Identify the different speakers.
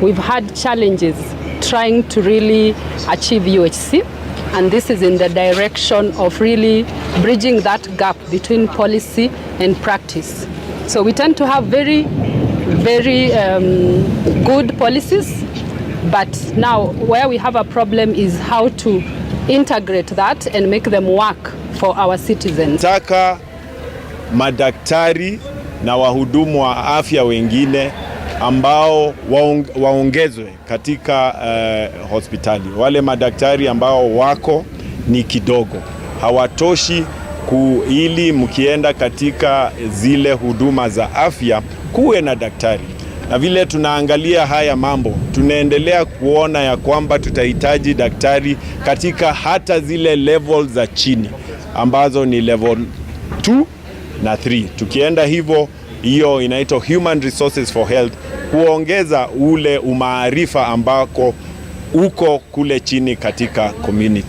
Speaker 1: We've had challenges trying to really achieve UHC and this is in the direction of really bridging that gap between policy and practice. So we tend to have very, very um, good policies, but now where we have a problem is how to integrate that and make them work for our citizens.
Speaker 2: Taka madaktari na wahudumu wa afya wengine ambao waongezwe katika uh, hospitali. Wale madaktari ambao wako ni kidogo, hawatoshi ku, ili mkienda katika zile huduma za afya kuwe na daktari. Na vile tunaangalia haya mambo, tunaendelea kuona ya kwamba tutahitaji daktari katika hata zile level za chini ambazo ni level 2 na 3. Tukienda hivyo hiyo inaitwa Human Resources for Health, kuongeza ule umaarifa ambako uko kule chini katika community.